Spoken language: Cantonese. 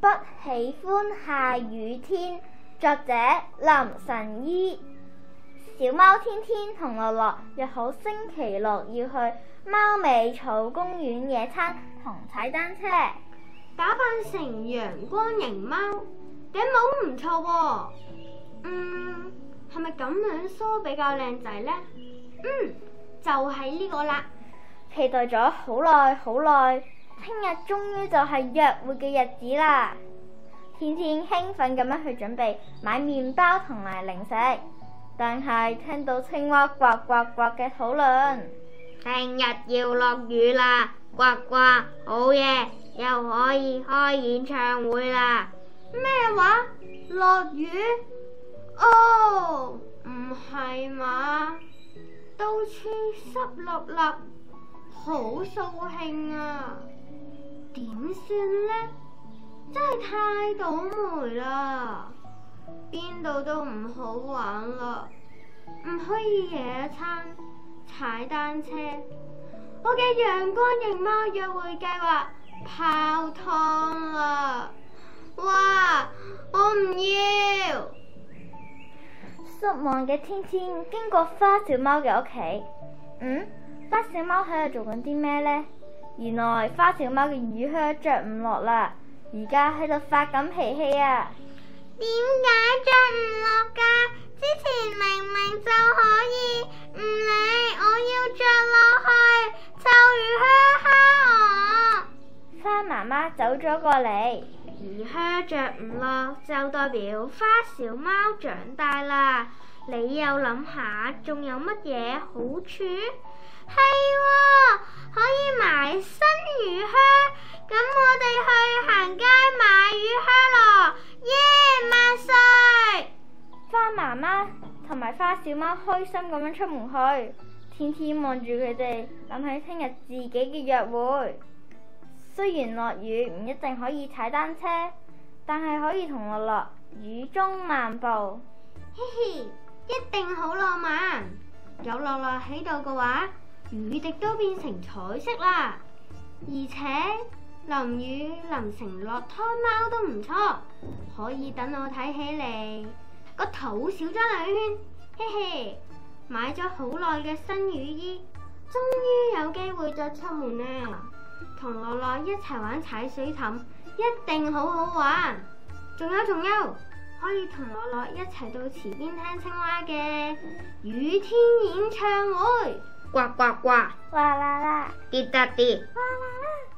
不喜歡下雨天。作者林晨依。小貓天天同樂樂約好星期六要去貓尾草公園野餐同踩單車。打扮成陽光型貓，頂帽唔錯。嗯，係咪咁樣梳比較靚仔呢？嗯，就係呢個啦。期待咗好耐好耐。聽日終於就係約會嘅日子啦！天天興奮咁樣去準備買麵包同埋零食，但係聽到青蛙呱呱呱嘅討論，聽日要落雨啦！呱呱，好嘢，又可以開演唱會啦！咩話？落雨？哦，oh，唔係嘛，到處濕立立，好掃興啊！點算咧？真係太倒霉啦！邊度都唔好玩啦，唔可以野餐、踩單車，我嘅陽光型貓約會計劃泡湯啦！哇，我唔要！失望嘅天天經過花小貓嘅屋企，嗯？花小貓喺度做緊啲咩咧？原來花小貓嘅雨靴着唔落啦，而家喺度發緊脾氣啊！點解着唔落㗎？之前明明就可以唔理，我要着落去，臭雨靴蝦我。花媽媽走咗過嚟，雨靴着唔落就代表花小貓長大啦。你又諗下，仲有乜嘢好處？係、哦、可以買新雨靴，咁我哋去行街買雨靴咯！耶、yeah，萬歲！花媽媽同埋花小貓開心咁樣出門去，天天望住佢哋諗起聽日自己嘅約會。雖然落雨唔一定可以踩單車，但係可以同我落雨中漫步。嘻嘻。一定好浪漫，有樂樂喺度嘅話，雨滴都變成彩色啦。而且淋雨淋成落湯貓都唔錯，可以等我睇起嚟個肚小咗兩圈，嘿嘿。買咗好耐嘅新雨衣，終於有機會再出門啦。同樂樂一齊玩踩水氹，一定好好玩。仲有仲有。可以同樂樂一齊到池邊聽青蛙嘅雨天演唱會，呱呱呱，呱啦啦，跌嗒跌，呱啦啦。